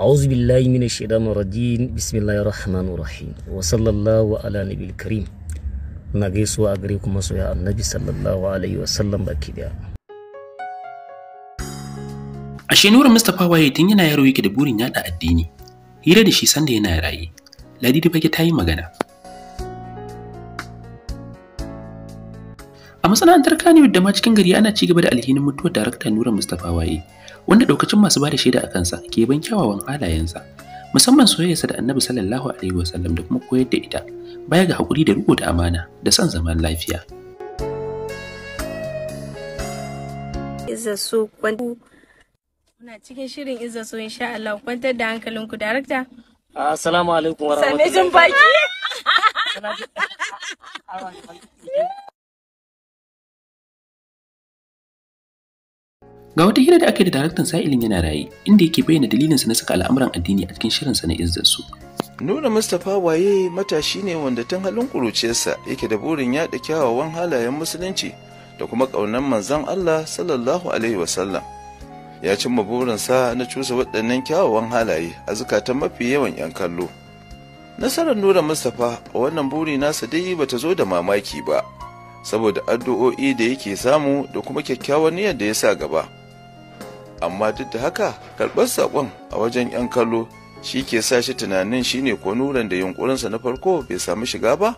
أعوذ بالله من الشيطان الرجيم بسم الله الرحمن الرحيم وصلى الله على نبي الكريم na gaisuwa a gare ku masoya annabi sallallahu alaihi wasallam mustapha waye tun yana yaro yake da burin yaɗa addini hira da shi sanda yana raye ladidi fage ta yi magana masana'antar Kano da ma cikin gari ana ci gaba da alhinin mutuwar darakta Nura Mustapha Waye, wanda daukacin masu bada shaida a kansa ke ban kyawawan halayensa, musamman soyayyarsa da Annabi sallallahu alaihi wasallam da kuma koyar da ita, baya ga hakuri da riko da amana da son zaman lafiya. Muna cikin shirin Izza so insha Allah kwantar da hankalinku darakta. Assalamu alaikum Same jin baki. Ga wata hira da aka yi da daraktan sa'ilin yana raye, inda yake bayyana dalilinsa na saka al'amuran addini a cikin shirinsa na izzarsu. Nuna Mustapha waye matashi ne wanda tun halin kuruciyarsa yake da burin yaɗa kyawawan halayen musulunci da kuma ƙaunar manzon Allah sallallahu alaihi sallam. Ya cimma burinsa na cusa waɗannan kyawawan halaye a zukatan mafi yawan 'yan kallo. Nasarar Nura Mustapha a wannan buri nasa dai bata zo da mamaki ba, saboda addu'o'i da yake samu da kuma kyakkyawar niyyar da ya sa gaba. amma duk da haka karɓar saƙon a wajen 'yan kallo shi ke sa shi tunanin shine ko nuran da yunkurinsa na farko bai samu shiga ba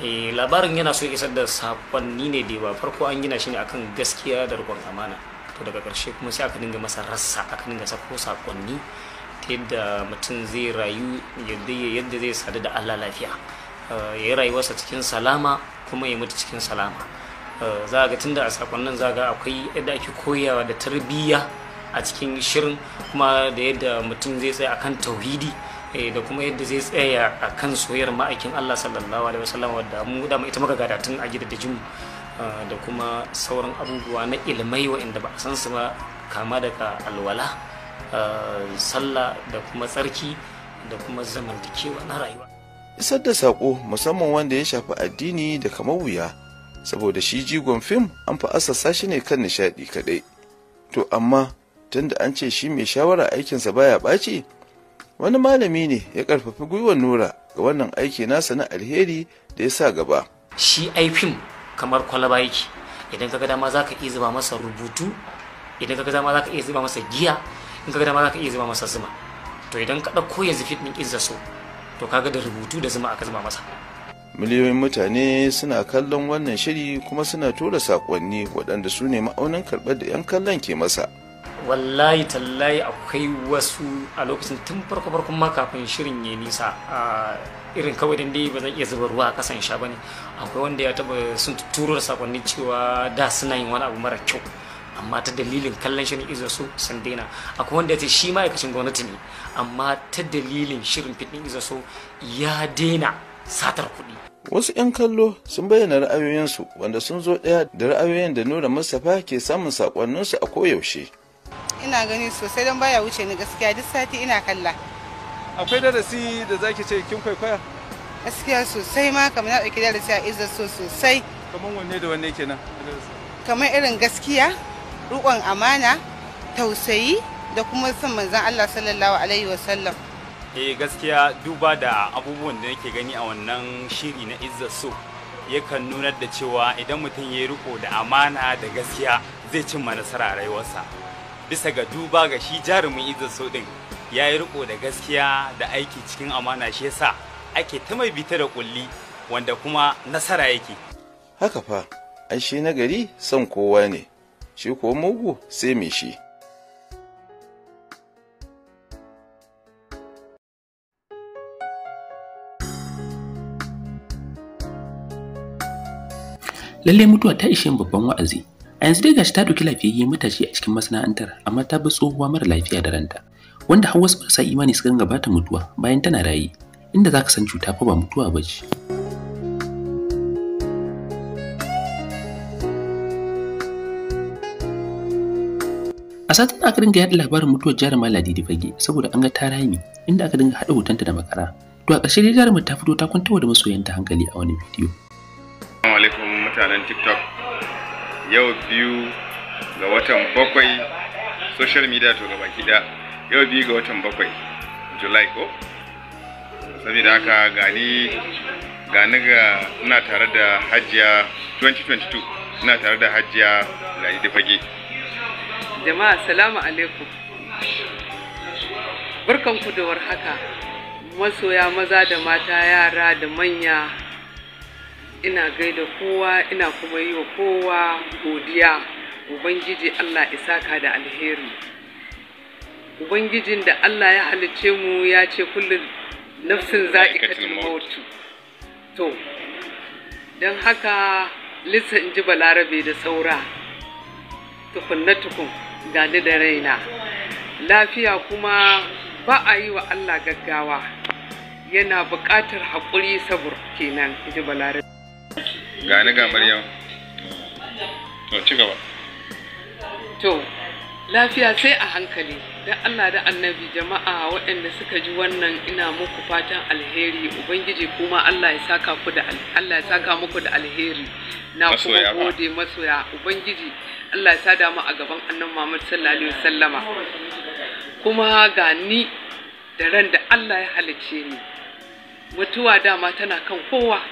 eh labarin yana so isar da saƙonni ne da ba farko an gina shi ne akan gaskiya da riƙon amana to daga ƙarshe kuma sai aka dinga masa rassa aka dinga sako sakonni ta yadda mutum zai rayu yadda zai sadu da allah lafiya eh, ya yi rayuwarsa cikin salama kuma ya mutu cikin salama eh, za ga tunda a sakonnin za ga akwai yadda ake koyawa da tarbiyya a cikin shirin kuma da yadda mutum zai tsaya akan tauhidi eh, da kuma yadda zai tsaya akan soyayyar ma'aikin Allah sallallahu alaihi wasallam wadda mu da ita muka gada tun a gidajen mu eh, da kuma sauran abubuwa na ilmai waɗanda ba a san su ba kama daga alwala eh, sallah da kuma tsarki da kuma zamantakewa na rayuwa isar da sako musamman wanda ya shafi addini da kamar wuya saboda shi jigon fim an fi asasa shi ne kan nishaɗi kaɗai to amma tunda an ce shi mai shawara aikinsa baya ɓaci wani malami ne ya ƙarfafi gwiwar nura ga wannan aiki nasa na alheri da ya sa gaba shi ai kamar kwalaba yake idan kaga dama za ka iya zuba masa rubutu idan kaga dama za ka iya zuba masa giya in kaga dama za ka iya zuba masa zuma to idan ka ɗauko yanzu fit ɗin izza so to kaga da rubutu da zuma aka zuba masa miliyoyin mutane suna kallon wannan shiri kuma suna tura saƙonni waɗanda su ne ma'aunin karɓar da 'yan kallon ke masa wallahi tallahi akwai wasu a lokacin tun farko farkon ma kafin shirin ya nisa a irin kawai dan dai ba zan iya zuba ruwa a kasan sha bane akwai wanda ya taba sun turo da sakonni cewa da suna yin wani abu mara kyau amma ta dalilin kallon shirin izo su sun daina akwai wanda ya ce shi ma'aikacin gwamnati ne amma ta dalilin shirin fitin izo su ya daina satar kuɗi wasu 'yan kallo sun bayyana ra'ayoyinsu wanda sun zo ɗaya da ra'ayoyin da nura mustapha ke samun sakonninsu a koyaushe ina gani sosai don baya wuce ni gaskiya duk sati ina kalla akwai darasi da zaki ce kin kwaikwaya gaskiya sosai ma kamar na dauki darasi a izar so sosai kamar wanne da wanne kenan kamar irin gaskiya riƙon amana tausayi da kuma son manzon Allah sallallahu alaihi wa sallam. eh gaskiya duba da abubuwan da nake gani a wannan shiri na izza so yakan nunar da cewa idan mutum ya yi riko da amana da gaskiya zai cimma nasara a rayuwarsa bisa ga duba ga shi jarumin izar so din ya yi riko da gaskiya da aiki cikin amana shi yasa ake ta mai bita da kulli wanda kuma nasara yake haka fa ai shi na son kowa ne shi ko mugu sai mai shi Lallai mutuwa ta ishe babban wa'azi A yanzu dai gashi ta ɗauki lafiyayye matashi a cikin masana'antar amma ta bi tsohuwa mara lafiya da ranta wanda har wasu marasa imani suka ganga bata mutuwa bayan tana raye inda za ka san cuta fa ba mutuwa ba ce. A satin aka dinga yaɗa labarin mutuwar jarumar Ladidi Fage saboda an ga ta rami inda aka dinga haɗa hotonta da makara. To a ƙarshe dai jarumar ta fito ta kwantawa da masoyanta hankali a wani bidiyo. Assalamu alaikum mutanen TikTok. yau biyu ga watan bakwai social media to gaba kida yau biyu ga watan bakwai july ko saboda haka gani gani ga ina tare da hajiya 2022 ina tare da hajiya gani da fage jama'a salamu alaikum barkanku da warhaka masoya maza da mata yara da manya ina gaida kowa ina kuma yi wa kowa godiya ubangiji allah isaka da alheri ubangijin da allah ya halicce mu ya ce kullum nafsin za'ikatul mautu to don haka lissan ji balarabe da saura tukun na tukun gani da raina lafiya kuma ba a yi wa allah gaggawa yana buƙatar haƙuri sabur kenan in ji balarabe ga ni ga maryam to ci gaba to lafiya sai a hankali da allah da annabi jama'a waɗanda suka ji wannan ina muku fatan alheri ubangiji kuma allah ya saka ku da allah ya saka muku da alheri na kuma gode masoya ubangiji allah ya sada mu a gaban annan muhammad sallallahu alaihi wasallama kuma ga ni da ran da allah ya halice ni mutuwa dama tana kan kowa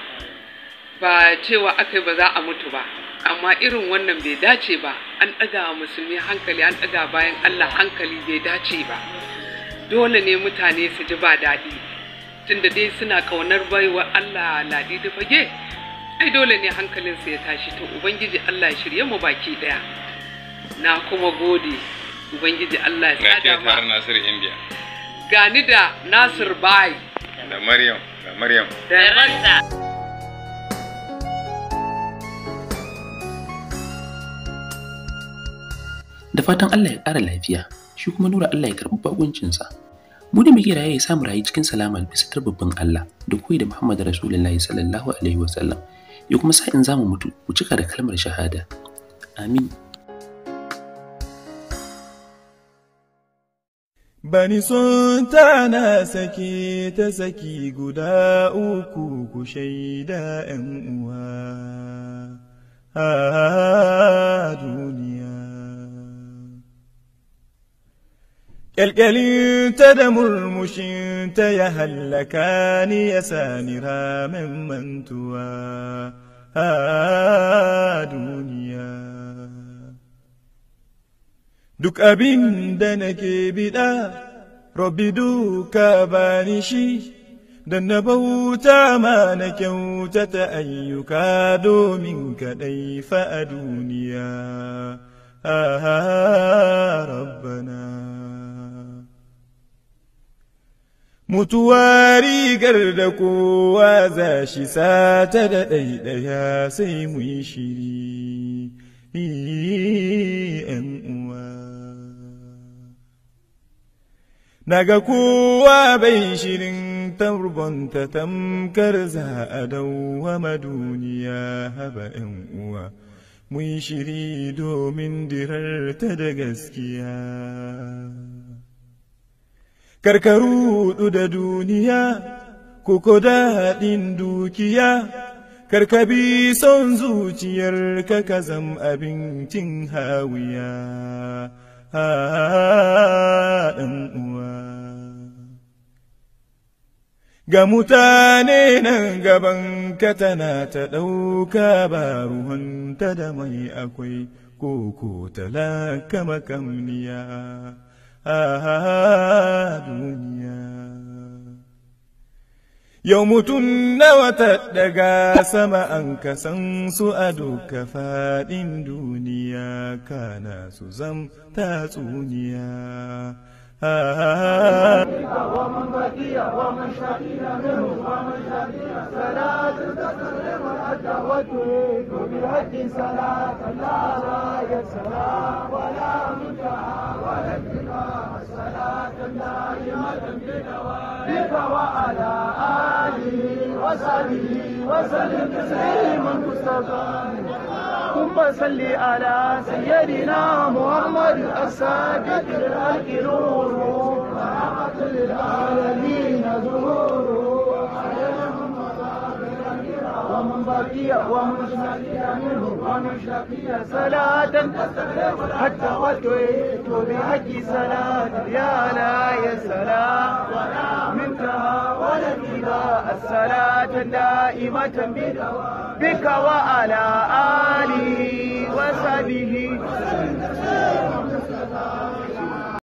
ba cewa aka yi ba za a mutu ba amma irin wannan bai dace ba an ɗaga musulmi hankali an ɗaga bayan allah hankali bai dace ba dole ne mutane su ji ba daɗi tunda dai suna ƙaunar baiwa allah ladi da fage ai dole ne hankalinsu ya tashi to ubangiji allah shirye mu baki ɗaya na kuma gode ubangiji allah ya sada ma nasir india gani da nasir bai da maryam da maryam da da fatan Allah ya ƙara lafiya shi kuma nura Allah ya karɓi bakuncinsa mu da muke raye ya samu rayu cikin salama bisa tarbabbin Allah da koyi da Muhammadu Rasulullahi sallallahu alaihi sallam ya kuma sa in zamu mutu ku cika da kalmar shahada amin Bani sun na saki ta saki guda uku ku shaida ‘yan uwa, قلقلين تدم المشين تيهلكاني يساني رام من توا دنيا duk abin da nake biɗa, Rabbi duka bani shi, don na bauta ma na kyautata ayyuka domin kaɗai fa a duniya, a rabbana. mutuwa rigar da kowa za shi sata da ɗaiɗaya sai mu yi shiri Daga kowa bai shirin turbonta tamkar za a dawwama duniya haba uwa mun shiri domin dirarta da gaskiya. karkaru hudu da duniya ko ko daɗin dukiya karka bi son zuciyar ka zam abincin hawiya haɗin uwa ga mutane nan gaban ka tana ta ɗauka ba ta da mai akwai ko ko talaka makamniya a yau mutum nawa ta daga sama an kasan su a doka faɗin duniya kana su zam tatsuniya شقي ومن شقي منه ومن شقي صلاة تسلم الأدى وتريد بالهد صلاة لا راية صلاة ولا منتهى ولا انتهاء صلاة دائمة بدوامك وعلى آله وصحبه وسلم تسليما مستقيما ثم صل على سيدنا محمد الصادق الحق نور للعالمين ظهوره أعلنهم ومن باقي ومن شقي منهم ومن شقي صلاة حتى وتويت بحج صلاة يا لا يا سلام منتهى ولا ابتداء الصلاة دائمة بك وعلى آله وصحبه وسلم